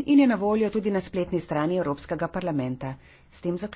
in je na voljo tudi na spletni strani Evropskega parlamenta.